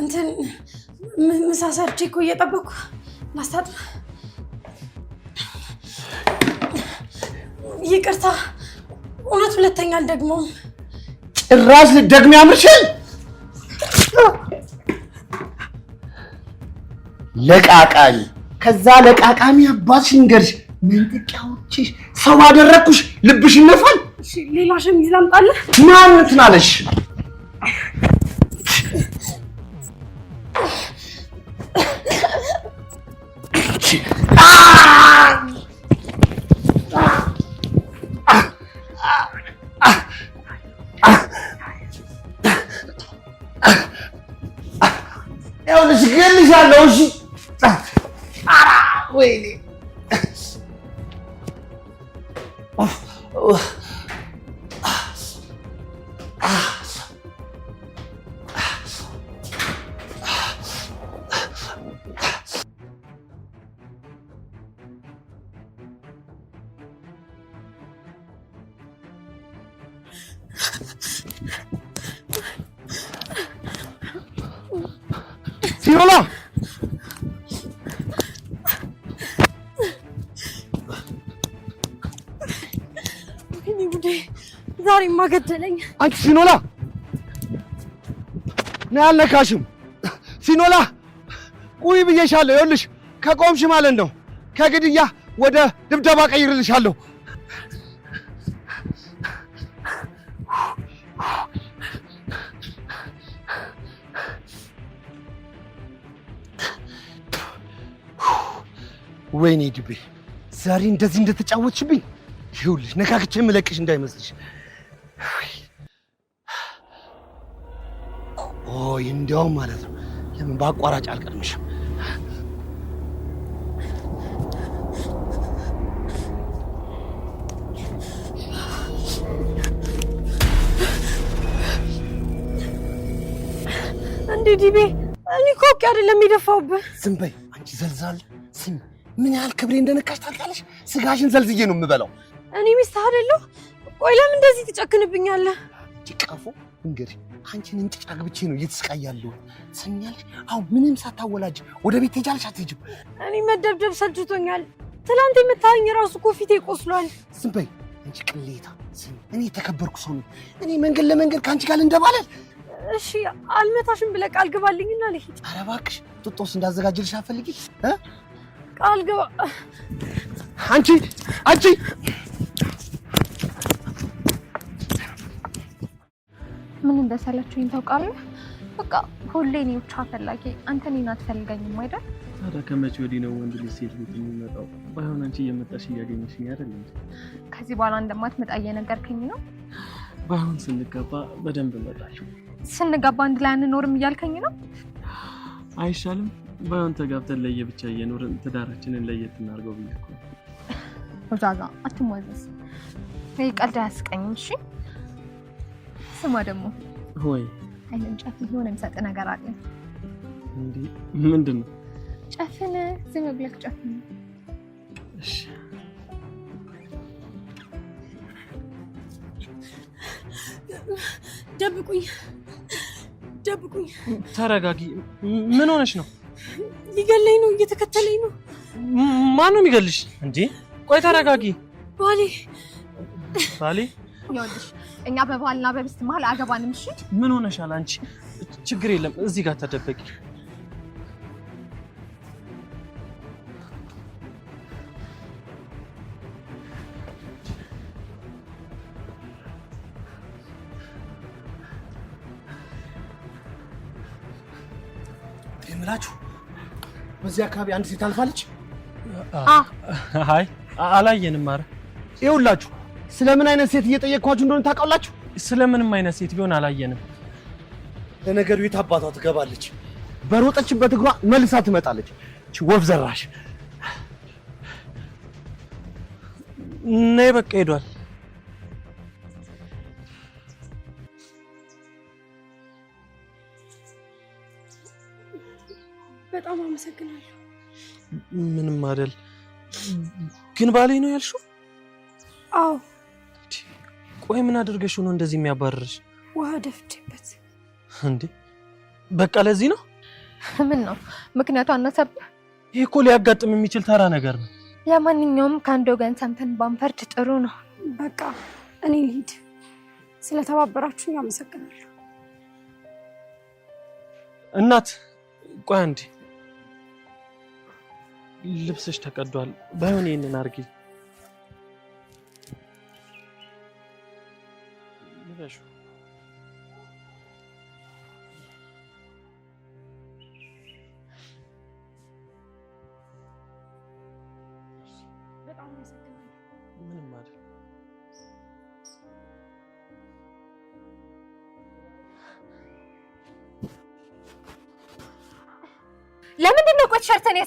እንትን ምሳ ሰርቼ እኮ እየጠበኩ ላስታጥብ። ይቅርታ፣ እውነት ሁለተኛ አልደግመውም። ጭራሽ ልደግም ያምርሻል? ለቃቃሚ ከዛ ለቃቃሚ አባትሽ ንገርሽ፣ መንጥቂያዎችሽ ሰው አደረግኩሽ፣ ልብሽ ይነፋል። ሌላ ሸሚዝ ላምጣልህ? ማን እንትን አለሽ? ይኸውልሽ እገልሻለሁ። እሺ ወይኔ እሱማ ገደለኝ። አንቺ ሲኖላ ነው ያልነካሽም። ሲኖላ ቁይ ብዬሻለሁ። ይኸውልሽ ከቆምሽ ማለት ነው ከግድያ ወደ ድብደባ ቀይርልሻለሁ። ወይኔ ድቤ ዛሬ እንደዚህ እንደተጫወትሽብኝ፣ ይኸውልሽ ነካክቼ የምለቅሽ እንዳይመስልሽ። ወይ እንዲያውም ማለት ነው ለምን በአቋራጭ አልቀድምሽም? እንዴ ዲቤ እኔ ኮክ አውቄ አይደለም የደፋሁብህ። ዝም በይ አንቺ ዘልዛል። ስሚ ምን ያህል ክብሬ እንደነካሽ ታውቂያለሽ? ስጋሽን ዘልዝዬ ነው የምበላው። እኔ ሚስትህ አይደለሁ? ቆይ ለምን እንደዚህ ትጨክንብኛለህ? ቀፎ እንግዲህ አንቺን እንጭጭ አግብቼ ነው እየተስቃይ ያለው። ትሰሚኛለሽ? አሁን ምንም ሳታወላጅ ወደ ቤት ትሄጃለሽ። አትሄጂም? እኔ መደብደብ ሰልችቶኛል። ትላንት የምታየኝ ራሱ እኮ ፊቴ ቆስሏል። ዝም በይ አንቺ ቅሌታ። እኔ የተከበርኩ ሰው ነው። እኔ መንገድ ለመንገድ ከአንቺ ጋር እንደባለል። እሺ አልመታሽም ብለህ ቃል ግባልኝና ልሂድ። ኧረ እባክሽ ጥጦስ እንዳዘጋጅልሽ አልፈልጊ። ቃል ግባ አንቺ አንቺ ምን እንደሰለችኝ ታውቃለህ? በቃ ሁሌ እኔ ብቻ ፈላጊ አንተ እኔን አትፈልገኝም አይደል? ታዲያ ከመቼ ወዲህ ነው ወንድ ልጅ ሴት ቤት የሚመጣው? ባይሆን አንቺ እየመጣሽ እያገኘሽኝ አይደል? ከዚህ በኋላ እንደማትመጣ እየነገርከኝ ነው? ባይሆን ስንገባ በደንብ እመጣለሁ። ስንገባ አንድ ላይ አንኖርም እያልከኝ ነው? አይሻልም? ባይሆን ተጋብተን ብቻ እየኖርን ትዳራችንን ለየት እናድርገው ብዬሽ እኮ ነው። ዛዛ አትሟዘዝ። ቀልድ አያስቀኝም። እሺ ስማ ደግሞ ሆይ አይለም ጨፍን የሆነ የሚሰጥህ ነገር አለ። እንዴ? ምንድን ነው? ጨፍን ዝም ብለህ ጨፍን። እሺ ደብቁኝ፣ ደብቁኝ። ተረጋጊ። ምን ሆነሽ ነው? ሊገለኝ ነው፣ እየተከተለኝ ነው። ማን ነው የሚገልሽ? እንዴ ቆይ ተረጋጊ። ባሌ ባሌ ይኸውልሽ እኛ በባልና በሚስት መሀል አገባንም። እሺ ምን ሆነሻል አንቺ? ችግር የለም እዚህ ጋር ተደበቂ። ምላችሁ በዚህ አካባቢ አንድ ሴት አልፋለች። አይ አላየንም። ኧረ ይኸውላችሁ ስለምን አይነት ሴት እየጠየቅኳችሁ እንደሆነ ታውቃላችሁ? ስለምንም አይነት ሴት ቢሆን አላየንም። ለነገሩ የት አባቷ ትገባለች? በሮጠችበት እግሯ መልሳ ትመጣለች። ወፍ ዘራሽ ነይ፣ በቃ ሄዷል። በጣም አመሰግናለሁ። ምንም አይደል። ግን ባሌ ነው ያልሽው? አዎ ቆይ ምን አድርገሽ ነው እንደዚህ የሚያባርርሽ? ውሃ ደፍቼበት። እንዴ በቃ ለዚህ ነው። ምን ነው ምክንያቱ? አነሰብህ? ይህ እኮ ሊያጋጥም የሚችል ተራ ነገር ነው። ለማንኛውም ከአንድ ወገን ሰምተን ባንፈርድ ጥሩ ነው። በቃ እኔ ልሂድ። ስለተባበራችሁ ያመሰግናለሁ። እናት ቆይ አንዴ፣ ልብስሽ ተቀዷል። ባይሆን ይህንን አድርጊ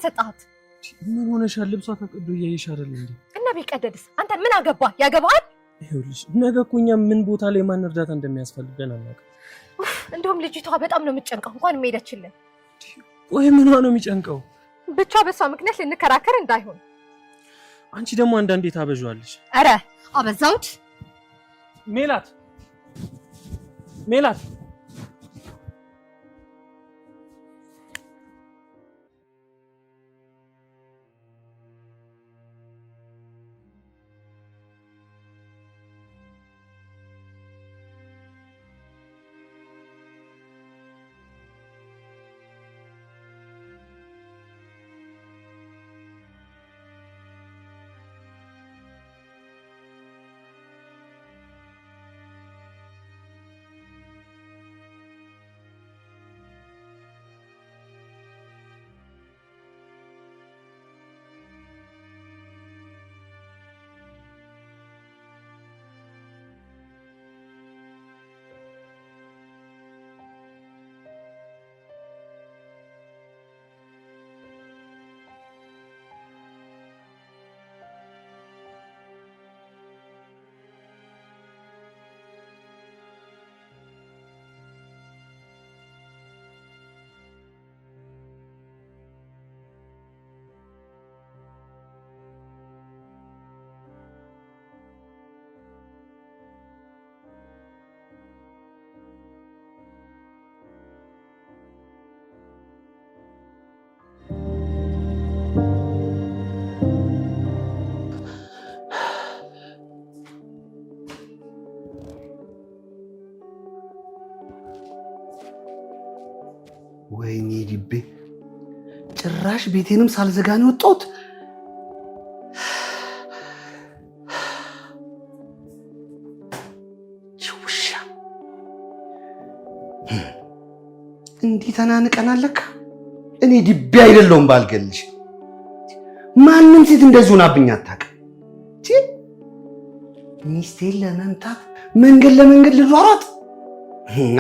የሰጣት? ምን ሆነሻል? ልብሷ ተቀዶ እያየሽ አይደል እንዴ? እና ቢቀደድስ አንተ ምን አገባ? ያገባል ይኸውልሽ ነገ እኮ እኛም ምን ቦታ ላይ ማን እርዳታ እንደሚያስፈልገን አናውቅም። እንደውም ልጅቷ በጣም ነው የምትጨንቀው። እንኳን የምሄደችልን ወይ ምኗ ነው የሚጨንቀው? ብቻ በሷ ምክንያት ልንከራከር እንዳይሆን። አንቺ ደግሞ አንዳንዴ ታበዣለሽ። አረ አበዛውት ሜላት ሜላት ወይኔ ልቤ ጭራሽ ቤቴንም ሳልዘጋን ወጣሁት። የወጣሁት። ውሻ እንዲህ ተናንቀናል እኔ ዲቤ አይደለውም ባልገልሽ፣ ማንም ሴት እንደዚህ ሆናብኝ አታውቅም። ሚስቴን ለመምታት መንገድ ለመንገድ ልሯሯጥ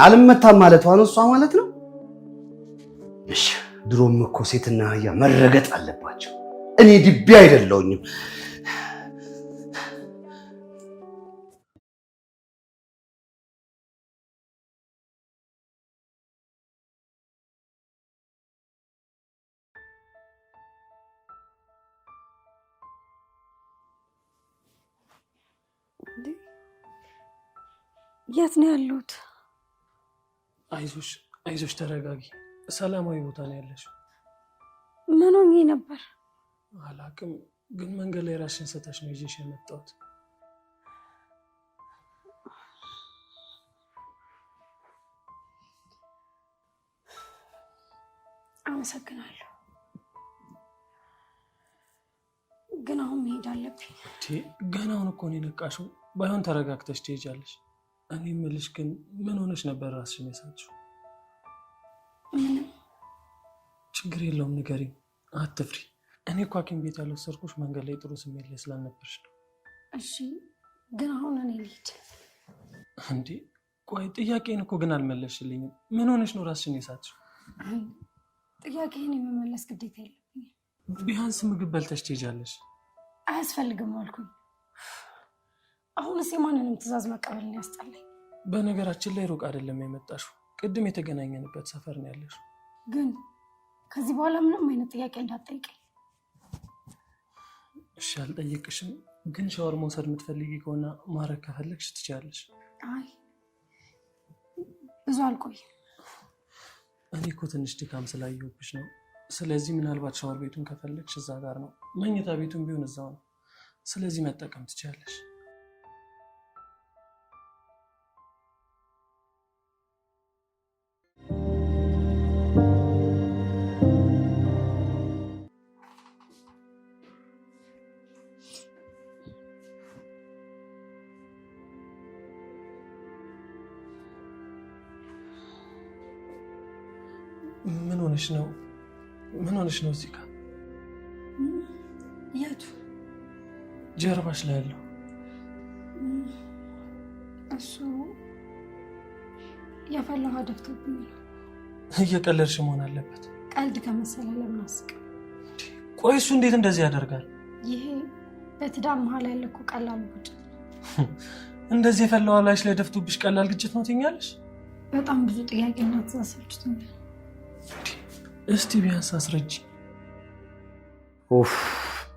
አልመታም ማለቷን እሷ ማለት ነው እሺ ድሮም እኮ ሴትና አህያ መረገጥ አለባቸው። እኔ ድቤ አይደለሁኝም። የት ነው ያሉት? አይዞሽ አይዞሽ፣ ተረጋጊ ሰላማዊ ቦታ ነው ያለሽው። ምን ሆኜ ነበር አላውቅም፣ ግን መንገድ ላይ ራስሽን ሰታሽ ነው ይዤሽ የመጣሁት። አመሰግናለሁ፣ ግን አሁን መሄድ አለብኝ። ገናውን እኮ ነው የነቃሽው። ባይሆን ተረጋግተሽ ትሄጃለሽ። እኔ የምልሽ ግን ምን ሆነሽ ነበር ራስሽን የሳትሽው? ችግር የለውም ንገሪ፣ አትፍሪ። እኔ እኮ ሐኪም ቤት ያለው ሰርኮች መንገድ ላይ ጥሩ ስሜት ላይ ስላልነበርሽ ነው። እሺ፣ ግን አሁን እኔ ልሂድ እንዴ? ቆይ ጥያቄን እኮ ግን አልመለስሽልኝም። ምን ሆነሽ ነው ራስሽን የሳትሽው? ጥያቄህን የመመለስ ግዴታ የለብኝ። ቢያንስ ምግብ በልተሽ ትሄጃለሽ። አያስፈልግም አልኩኝ። አሁንስ የማንንም ትዕዛዝ መቀበልን ያስጠላኝ። በነገራችን ላይ ሩቅ አይደለም የመጣሽው፣ ቅድም የተገናኘንበት ሰፈር ነው ያለሽው ግን ከዚህ በኋላ ምንም አይነት ጥያቄ እንዳትጠይቀኝ እሺ? አልጠየቅሽም። ግን ሻወር መውሰድ የምትፈልጊ ከሆነ ማድረግ ከፈለግሽ ትችላለሽ። አይ ብዙ አልቆይ እኔ እኮ ትንሽ ድካም ስላየሁብሽ ነው። ስለዚህ ምናልባት ሻወር ቤቱን ከፈለግሽ እዛ ጋር ነው፣ መኝታ ቤቱን ቢሆን እዛው ነው። ስለዚህ መጠቀም ትችላለሽ። ሆነሽ ነው እዚህ ጋር? የቱ ጀርባሽ ላይ ያለው? እሱ የፈላው ደፍቶብኝ ነው። እየቀለድሽ መሆን አለበት። ቀልድ ከመሰለ ለምን አስቅ። ቆይ እሱ እንዴት እንደዚህ ያደርጋል? ይሄ በትዳር መሀል ያለ እኮ ቀላል ግጭት ነው። እንደዚህ የፈላው ላይሽ ላይ ደፍቶብሽ ቀላል ግጭት ነው ትኛለሽ? በጣም ብዙ ጥያቄ እና እስቲ ቢያንስ አስረጅ።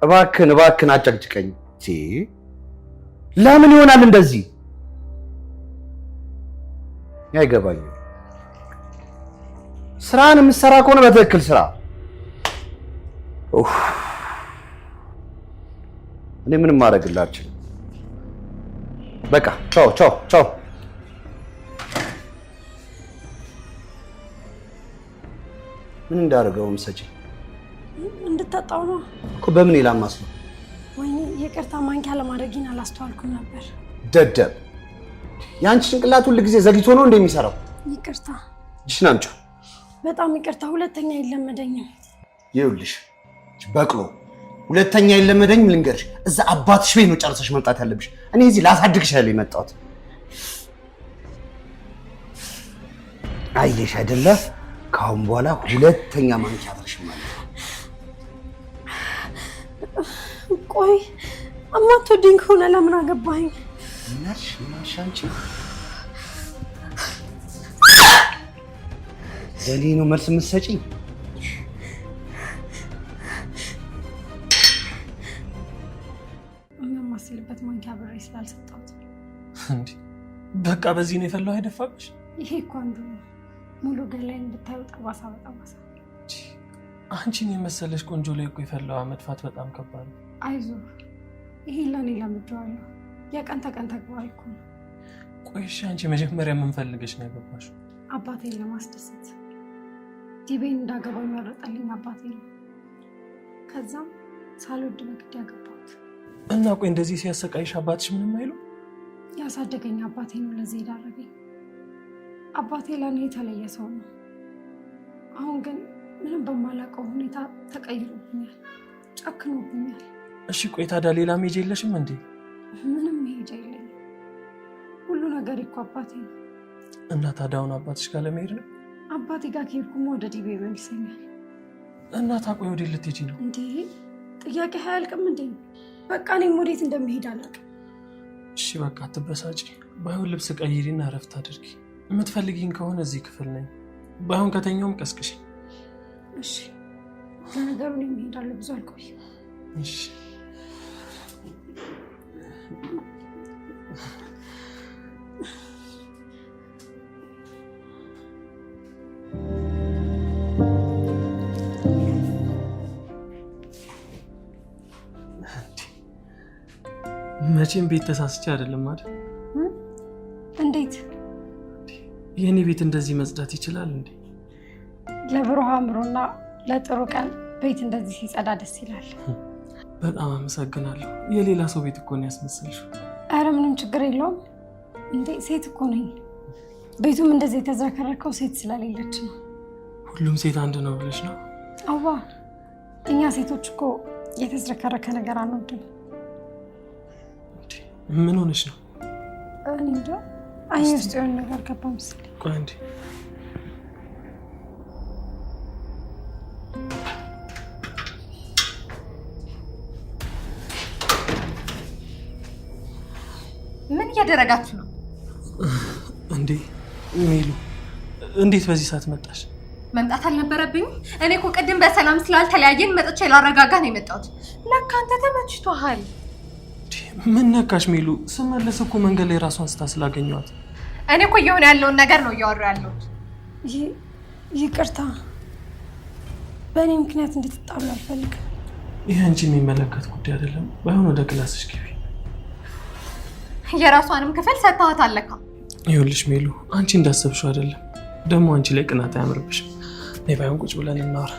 እባክን እባክን አጨቅጭቀኝ። ለምን ይሆናል እንደዚህ? አይገባኝ። ስራን የምትሰራ ከሆነ በትክክል ስራ። እኔ ምንም ማድረግላችሁ። በቃ ቻው ቻው ቻው። ምን እንዳደርገውም ሰጪ እንድታጣው ነው እኮ። በምን ይላማስ ነው? ወይኔ ይቅርታ፣ ማንኪያ ለማድረግን አላስተዋልኩም ነበር። ደደብ፣ የአንቺ ጭንቅላት ሁል ጊዜ ዘግይቶ ነው እንደሚሰራው። ይቅርታ። እጅሽን አምጪው። በጣም ይቅርታ፣ ሁለተኛ አይለመደኝም። ይኸውልሽ በቅሎ፣ ሁለተኛ አይለመደኝም። ልንገርሽ፣ እዛ አባትሽ ቤት ነው ጨርሰሽ መምጣት ያለብሽ። እኔ እዚህ ላሳድግሽ ያለ የመጣሁት አይልሽ አይደለ ካሁን በኋላ ሁለተኛ ማንኪያ አትርሽም ማለት ነው። ቆይ አማትወደኝ ከሆነ ለምን አገባኝ? ምናልሽ ምናልሽ አንቺ ዘኔ ነው መልስ የምትሰጪኝ? የማስልበት ማንኪያ ብሬ ስላልሰጣት በቃ በዚህ ነው የፈለው አይደፋብሽ። ይሄ እኮ አንዱ ነው ሙሉ ገላይን ብታዩ ጠባሳ በጠባሳ። አንቺን የመሰለሽ ቆንጆ ላይ እኮ የፈላዋ መድፋት በጣም ከባድ ነው። አይዞ ይሄን ለኔ ለምጄዋለሁ። የቀን ተቀን ተግባር እኮ ነው። ቆይሽ አንቺ መጀመሪያ የምንፈልገሽ ነው ያገባሽው? አባቴን ለማስደሰት ዲቤን እንዳገባው የመረጠልኝ አባቴ ነው። ከዛም ሳልወድ በግድ ያገባት እና ቆይ እንደዚህ ሲያሰቃይሽ አባትሽ ምንም አይሉ? ያሳደገኝ አባቴ ነው ለዚህ የዳረገኝ። አባቴ ለእኔ የተለየ ሰው ነው። አሁን ግን ምንም በማላውቀው ሁኔታ ተቀይሮብኛል፣ ጨክኖብኛል። እሺ ቆይ ታዲያ ሌላ መሄጃ የለሽም እንዴ? ምንም መሄጃ የለኝም። ሁሉ ነገር እኮ አባቴ ነው። እና ታዲያ አሁን አባትሽ ጋር ለመሄድ ነው? አባቴ ጋር ከሄድኩም ወደ ዲቤ ይሰኛል እና ታቆይ ወዴት ልትሄጂ ነው እንዴ? ጥያቄ አያልቅም እንዴ? በቃ እኔም ወዴት እንደምሄድ አላውቅም። እሺ በቃ አትበሳጪ። ባይሆን ልብስ ቀይሪና እረፍት አድርጊ። የምትፈልጊኝ ከሆነ እዚህ ክፍል ነኝ። ባይሆን ከተኛውም ቀስቅሽ። እሺ፣ ለነገሩ እኔም እሄዳለሁ፣ ብዙ አልቆይም። እሺ መቼም ቤት ተሳስቼ አይደለም አይደል? የእኔ ቤት እንደዚህ መጽዳት ይችላል እንዴ? ለብሩህ አእምሮና ለጥሩ ቀን ቤት እንደዚህ ሲጸዳ ደስ ይላል። በጣም አመሰግናለሁ። የሌላ ሰው ቤት እኮ ነው ያስመሰልሽው። ኧረ ምንም ችግር የለውም እንዴ ሴት እኮ ነኝ። ቤቱም እንደዚህ የተዝረከረከው ሴት ስለሌለች ነው። ሁሉም ሴት አንድ ነው ብለሽ ነው? አዋ እኛ ሴቶች እኮ የተዝረከረከ ነገር አንወድም። ምን ሆነሽ ነው? እንጃ አይን ውስጥ የሆነ ነገር ገባ አንዴ ምን እያደረጋችሁ ነው እንዴ? ሜሉ እንዴት በዚህ ሰዓት መጣሽ? መምጣት አልነበረብኝ። እኔ እኮ ቅድም በሰላም ስላልተለያየን መጥቼ ላረጋጋ ነው የመጣሁት። ለካ አንተ ተመችቶሃል። ምን ነካሽ ሜሉ? ስመለስ እኮ መንገድ ላይ ራሷን ስታ ስላገኘዋት እኔ እኮ እየሆነ ያለውን ነገር ነው እያወሩ ያለሁት። ይቅርታ፣ በእኔ ምክንያት እንድትጣሉ አልፈልግም። ይህ አንቺ የሚመለከት ጉዳይ አይደለም። ባይሆን ወደ ክላስሽ ግቢ። የራሷንም ክፍል ሰጥተዋት አለካ። ይኸውልሽ ሜሉ፣ አንቺ እንዳሰብሽው አይደለም። ደግሞ አንቺ ላይ ቅናት አያምርብሽም። እኔ ባይሆን ቁጭ ብለን እናወራ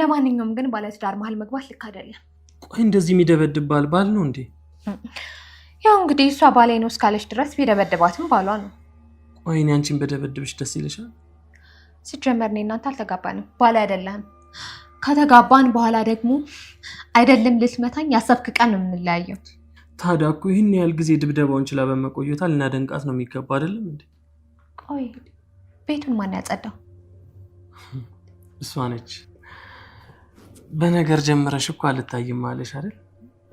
ለማንኛውም ግን ባለትዳር መሀል መግባት ልክ አይደለም። ቆይ እንደዚህ የሚደበድብ ባል ባል ነው እንዴ? ያው እንግዲህ እሷ ባላይ ነው እስካለች ድረስ ቢደበድባትም ባሏ ነው። ቆይ እኔ አንቺን በደበድብሽ ደስ ይለሻል። ሲጀመር እኔ እናንተ አልተጋባንም። ባል አይደለም። ከተጋባን በኋላ ደግሞ አይደለም ልትመታኝ ያሰብክ ቀን ነው የምንለያየው። ታዲያ እኮ ይህን ያህል ጊዜ ድብደባውን ችላ በመቆየቷ ልናደንቃት ነው የሚገባ አይደለም እንዴ? ቆይ ቤቱን ማን ያጸዳው? እሷ ነች። በነገር ጀምረሽ እኮ አልታይም አለሽ አይደል?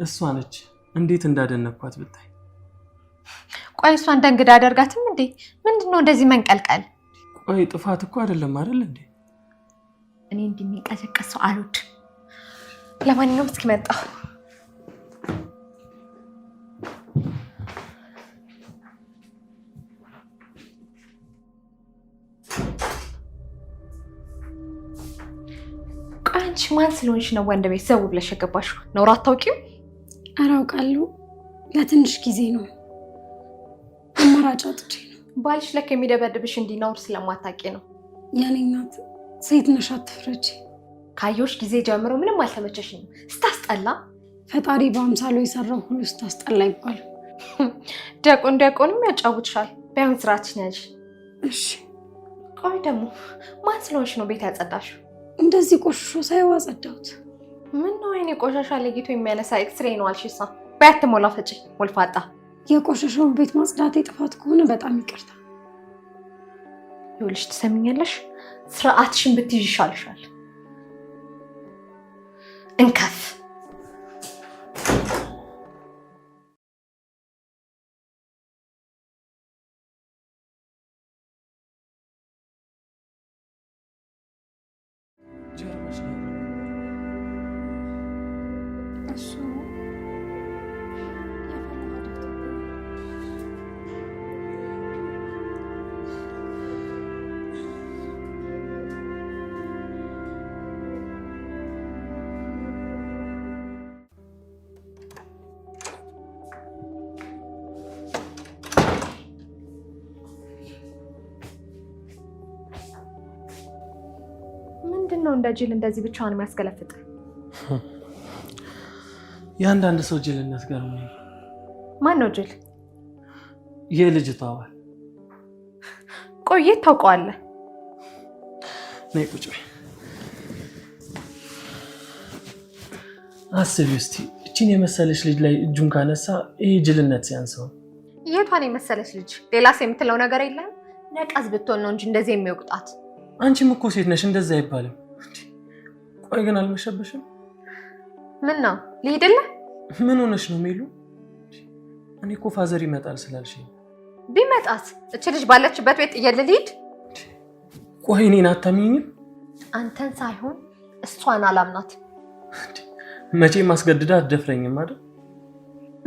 እሷ ነች። እንዴት እንዳደነኳት ብታይ። ቆይ እሷ እንደ እንግዳ አደርጋትም እንዴ? ምንድነው እንደዚህ መንቀልቀል? ቆይ ጥፋት እኮ አይደለም አይደል እንዴ? እኔ እንዲህ የሚንቀሰቀስ አልወድም። ለማንኛውም እስኪ ማን ስለሆንሽ ነው ወንድ ቤት ዘው ብለሽ የገባሽው? ነውር አታውቂም? ኧረ አውቃለሁ። ለትንሽ ጊዜ ነው፣ አማራጭ አጥቼ ነው። ባልሽ ለክ የሚደበድብሽ እንዲኖር ስለማታውቂ ነው። የኔ እናት ሴት ነሽ፣ አትፍረጂ። ካየሁሽ ጊዜ ጀምሮ ምንም አልተመቸሽኝም፣ ስታስጠላ። ፈጣሪ በአምሳሉ የሰራው ሁሉ ስታስጠላ ይባል። ዲያቆን ዲያቆንም ያጫውትሻል። ቢያንስ ስራችን ነሽ። እሺ ቆይ ደግሞ ማን ስለሆንሽ ነው ቤት ያጸዳሽው? እንደዚህ ቆሽሾ ሳይዋ ጸዳሁት። ምን ነው አይኔ ቆሻሻ ለጌቶ የሚያነሳ ኤክስሬ ነው አልሽሳ። በያት ሞላ ፈጪ ወልፋጣ። የቆሸሸውን ቤት ማጽዳት የጥፋት ከሆነ በጣም ይቅርታ። ይኸውልሽ ትሰምኛለሽ? ስርዓትሽን ብትይዥ ይሻልሻል። እንከፍ ጅል እንደዚህ ብቻዋን የሚያስገለፍጥ የአንዳንድ ሰው ጅልነት ጋር ማን ነው ጅል? የልጅ ባል ቆየት ታውቀዋለህ። ነይ ቁጭ በይ። አስቢ እስቲ እቺን የመሰለች ልጅ ላይ እጁን ካነሳ ይህ ጅልነት ሲያንሰው። የቷን የመሰለች ልጅ? ሌላ ሰው የምትለው ነገር የለም። ነቀዝ ብትሆን ነው እንጂ እንደዚህ የሚወቅጣት። አንቺም እኮ ሴት ነሽ፣ እንደዛ አይባልም። ቆይ ግን አልመሸበሽም? ምን ነው ልሂድለ? ምን ሆነሽ ነው የሚሉ እኔ እኮ ፋዘር ይመጣል ስላልሽ። ቢመጣስ እች ልጅ ባለችበት ቤት ጥዬ ልሂድ? ቆይ እኔን አታምኚኝም? አንተን ሳይሆን እሷን አላምናት። መቼ ማስገድዳ አትደፍረኝም አይደል?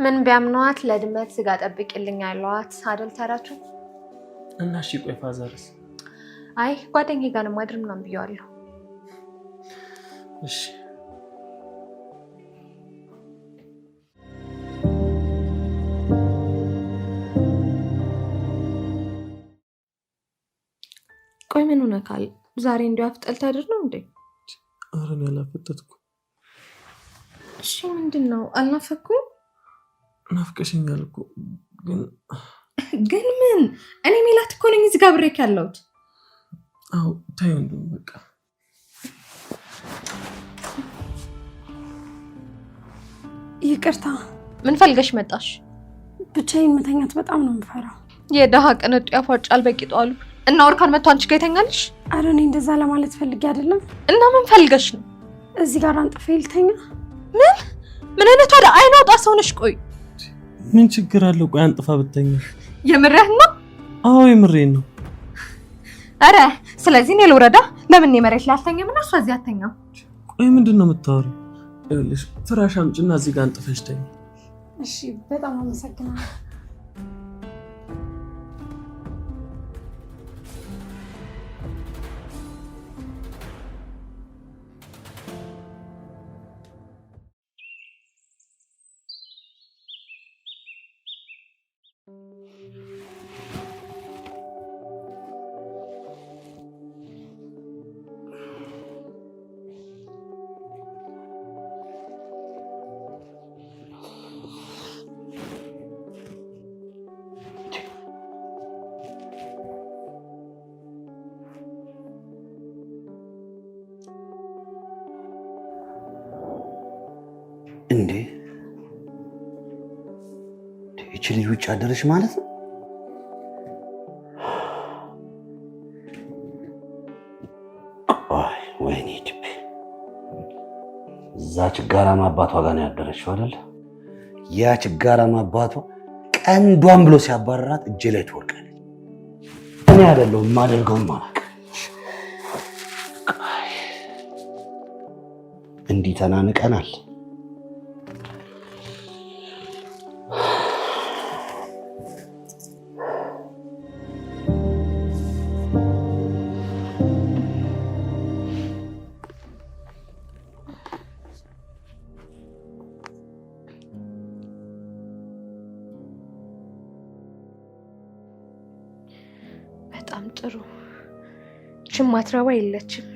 ምን ቢያምኗት ለድመት ስጋ ጠብቅልኝ ያለዋት አደል ተራችሁ። እና እሺ ቆይ ፋዘርስ? አይ ጓደኛዬ ጋር ነው የማድር ምናምን ብየዋለሁ እሺ ቆይ ምን ሆነካል? ዛሬ እንዲሁ አፍጠል ታድር ነው እንዴ? ኧረ እኔ አላፈጠጥኩም። እሺ ምንድን ነው አልናፈኩ? ናፍቀሽኛል እኮ ግን ግን ምን እኔ ሜላት እኮ ነኝ እዚህ ጋ ብሬክ ያለሁት። አዎ ታይ ወንድም በቃ ይቅርታ። ምን ፈልገሽ መጣሽ? ብቻዬን መተኛት በጣም ነው የምፈራው። የደሃ ቅንጡ ያፏጫል በቂጦ አሉ እና ወርካን መጥቶ አንቺ ጋ ይተኛልሽ? አረ እኔ እንደዛ ለማለት ፈልጌ አይደለም። እና ምን ፈልገሽ ነው? እዚህ ጋር አንጥፌ ልተኛ? ምን ምን አይነት ወደ አይኗ ሰውነሽ። ቆይ ምን ችግር አለው? ቆይ አንጥፋ ብተኛ። የምሬህ ነው? አዎ የምሬን ነው። አረ ስለዚህ እኔ ልውረዳ? ለምን መሬት ላይ አልተኛም እና እሷ እዚህ አትተኛም? ቆይ ምንድን ነው የምታወሪው? ይኸውልሽ ፍራሽ አምጪና እዚህ ጋር አንጥፈሽ ተኝ። እሺ፣ በጣም አመሰግናለሁ። እንዴ ይቺ ልጅ ውጭ አደረች ማለት ነው። ወይኔ ድቤ እዛ ችጋራማ አባቷ ጋር ነው ያደረችው አይደል? ያ ችጋራማ አባቷ ቀንዷን ብሎ ሲያባረራት እጄ ላይ ትወርቃለች። እኔ አይደለሁም የማደርገውን ማላውቅ እንዲህ ተናንቀናል። በጣም ጥሩ ችም ማትረባ የለችም።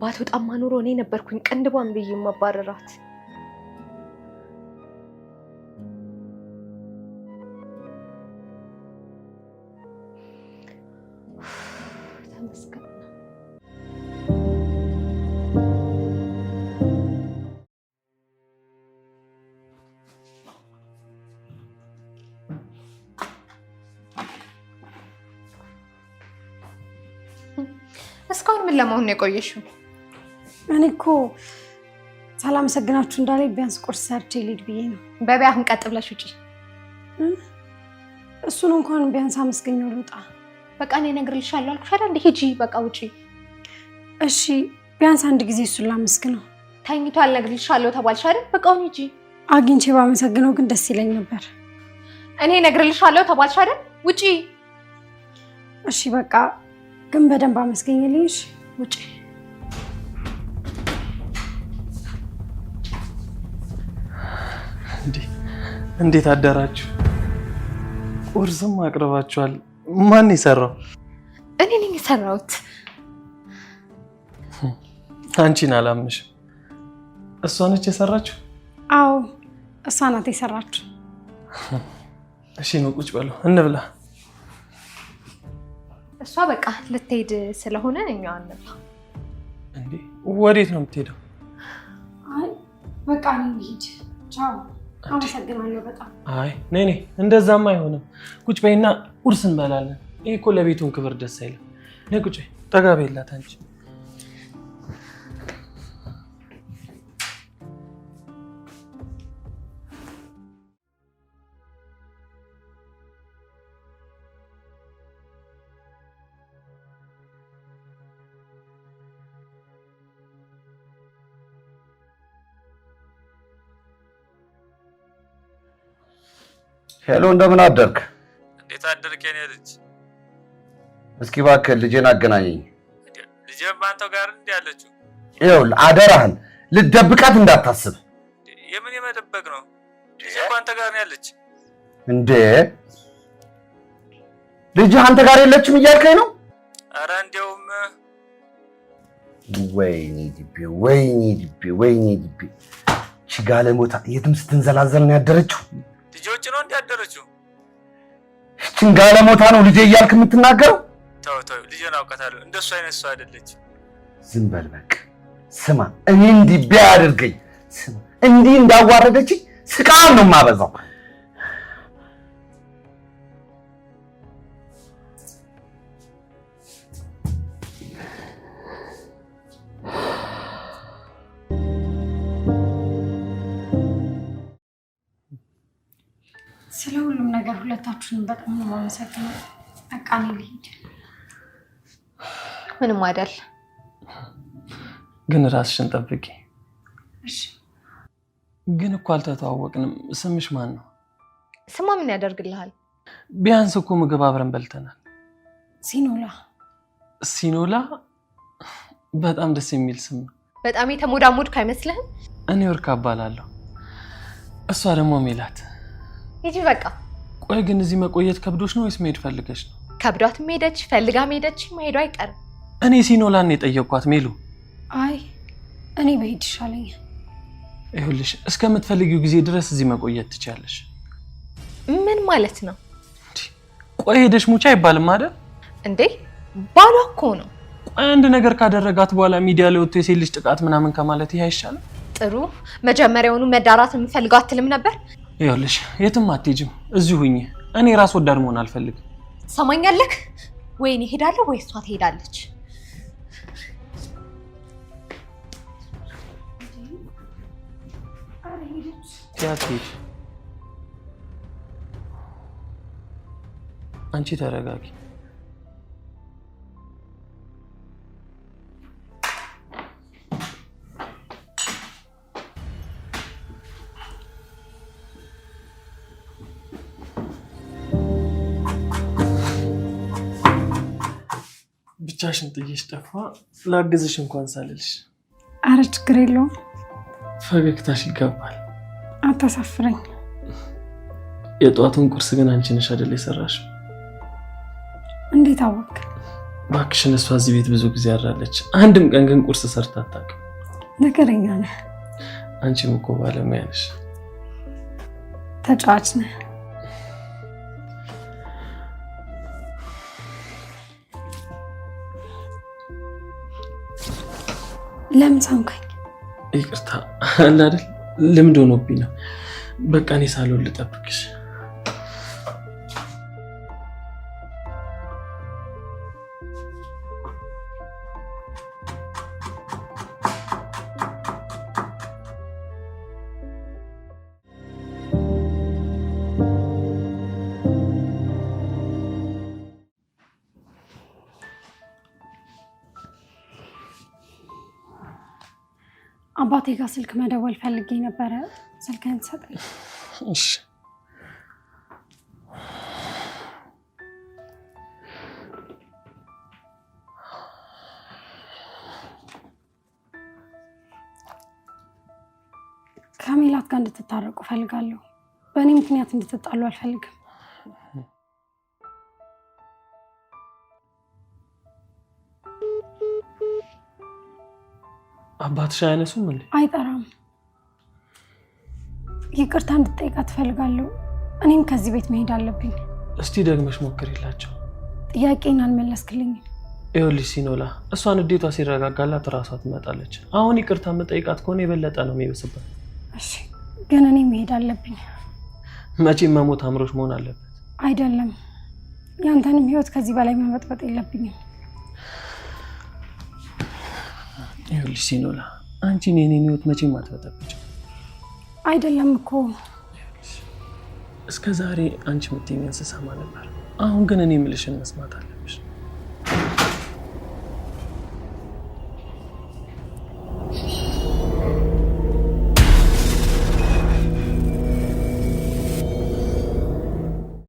ባትወጣማ ኑሮ እኔ ነበርኩኝ ቅንድቧን ብዬ ማባረራት። ለመሆን ነው የቆየሽው? እኔ እኮ ሳላመሰግናችሁ እንዳለ ቢያንስ ቁርስ ሰርቼ ልሂድ ብዬ ነው። በቤ አሁን ቀጥ ብለሽ ውጪ። እሱን እንኳን ቢያንስ አመስገኘው ልውጣ። በቃ እኔ እነግርልሻለሁ አልኩሽ አይደል? ሂጂ በቃ ውጪ። እሺ ቢያንስ አንድ ጊዜ እሱን ላመስግነው። ተኝቷል እነግርልሻለሁ ተባልሽ አይደል? በቃ አሁን ሂጂ። አግኝቼ ባመሰግነው ግን ደስ ይለኝ ነበር። እኔ እነግርልሻለሁ ተባልሽ አይደል? ውጪ። እሺ በቃ ግን በደንብ አመስገኝልኝ። እሺ ውጪ። እንዴት አደራችሁ? ቁርስም አቅርባችኋል። ማን የሰራው? እኔ ነኝ የሰራሁት። አንቺን አላምንሽም። እሷ ነች የሰራችሁ? አዎ እሷ ናት የሰራችሁ። እሺ ነው፣ ቁጭ በለው እንብላ። እሷ በቃ ልትሄድ ስለሆነ እኛ አንባ። እንዴ ወዴት ነው የምትሄደው? አይ በቃ እኔ ልሂድ። ቻው፣ አመሰግናለሁ በጣም። አይ ነኔ እንደዛም አይሆንም። ቁጭ በይና ቁርስ እንበላለን። ይሄ እኮ ለቤቱን ክብር ደስ አይልም። ነይ ቁጭ በይ። ጠጋ በይላት አንቺ ሄሎ እንደምን አደርክ? እንዴት አደርክ የኔ ልጅ? እስኪ እባክህ ልጄን አገናኘኝ። ልጄን ባንተው ጋር እንዲ ያለችው ይኸውልህ፣ አደራህን ልደብቃት እንዳታስብ። የምን የመደበቅ ነው? ልጄ እኮ አንተ ጋር ነው ያለች። እንዴ ልጅህ አንተ ጋር የለችም እያልከኝ ነው? አረ እንዲያውም ወይኔ ልቤ፣ ወይኔ ልቤ፣ ወይኔ ልቤ፣ ችጋለሞታ የትም ስትንዘላዘል ነው ያደረችው። ልጆች ነው እንዲያደረችው እችን ጋለሞታ ነው ልጄ እያልክ የምትናገረው? ተው ተው፣ ልጄን አውቃታለሁ። እንደሱ አይነት ሰው አይደለች ዝም በል በቃ። ስማ፣ እኔ እንዲህ ቢያደርገኝ ስማ፣ እንዲህ እንዳዋረደችኝ ስቃን ነው የማበዛው ስለ ሁሉም ነገር ሁለታችሁንም በጣም ነው የማመሰግነው። በቃ እኔ ልሂድ። ምንም አይደል፣ ግን ራስሽን ጠብቂ። ግን እኮ አልተተዋወቅንም። ስምሽ ማን ነው? ስማ ምን ያደርግልሃል? ቢያንስ እኮ ምግብ አብረን በልተናል። ሲኖላ ሲኖላ፣ በጣም ደስ የሚል ስም ነው። በጣም የተሞዳሞድክ አይመስልህም? እኔ ወርካ እባላለሁ፣ እሷ ደግሞ ሜላት ሂጂ በቃ። ቆይ ግን እዚህ መቆየት ከብዶች ነው ወይስ መሄድ ፈልገች ነው? ከብዷት ሄደች፣ ፈልጋ ሄደች፣ መሄዱ አይቀርም። እኔ ሲኖላን የጠየኳት ሜሉ፣ አይ እኔ በሄድ ይሻለኛል። ይኸውልሽ እስከምትፈልጊው ጊዜ ድረስ እዚህ መቆየት ትችያለሽ። ምን ማለት ነው? ቆይ ሄደሽ ሙቻ አይባልም አይደል እንዴ? ባሏ እኮ ነው። ቆይ አንድ ነገር ካደረጋት በኋላ ሚዲያ ላይ ወጥቶ የሴት ልጅ ጥቃት ምናምን ከማለት ይህ አይሻልም? ጥሩ መጀመሪያውኑ መዳራት የምፈልገው አትልም ነበር? ይኸውልሽ የትም አትሄጂም፣ እዚሁ ሁኚ። እኔ ራስ ወዳድ መሆን አልፈልግም። ሰማኛለክ? ወይ እኔ እሄዳለሁ ወይ እሷ ትሄዳለች። አንቺ ተረጋጊ። ብቻሽን ጥዬሽ ጠፋ። ላግዝሽ እንኳን ሳልልሽ። አረ ችግር የለውም። ፈገግታሽ ይገባል። አታሳፍረኝ። የጠዋቱን ቁርስ ግን አንቺ ነሽ አይደል የሰራሽ? እንዴት አወቅ? እባክሽን እሷ እዚህ ቤት ብዙ ጊዜ አድራለች። አንድም ቀን ግን ቁርስ ሰርታ አታውቅም። ነገረኛ ነህ። አንቺም እኮ ባለሙያ ነሽ፣ ተጫዋች ነህ። ለምን ሳምካኝ? ይቅርታ አለ አይደል ልምድ ሆኖብኝ ነው። በቃ እኔ ሳልሆን ልጠብቅሽ ጋር ስልክ መደወል ፈልጌ ነበረ። ስልክህን ትሰጠኝ? እሺ። ከሜላት ጋር እንድትታረቁ እፈልጋለሁ በእኔ ምክንያት እንድትጣሉ አልፈልግም። አባትሽ አይነሱም እንዴ? አይጠራም። ይቅርታ እንድጠይቃ ትፈልጋለሁ። እኔም ከዚህ ቤት መሄድ አለብኝ። እስቲ ደግመሽ ሞክሪላቸው። ጥያቄን አልመለስክልኝም። ይኸውልሽ ሲኖላ፣ እሷን እዴቷ ሲረጋጋላት እራሷ ትመጣለች። አሁን ይቅርታ መጠይቃት ከሆነ የበለጠ ነው የሚበስበት። እሺ፣ ግን እኔ መሄድ አለብኝ። መቼም መሞት አምሮች መሆን አለበት አይደለም። ያንተንም ህይወት ከዚህ በላይ መበጥበጥ የለብኝም። ይኸውልሽ ሲኖላ፣ አንቺ ህይወት መቼም አትበጠብጭም። አይደለም እኮ እስከ ዛሬ አንቺ የምትይኝ እንስሳ ነበር። አሁን ግን እኔ የምልሽን መስማት አለብሽ።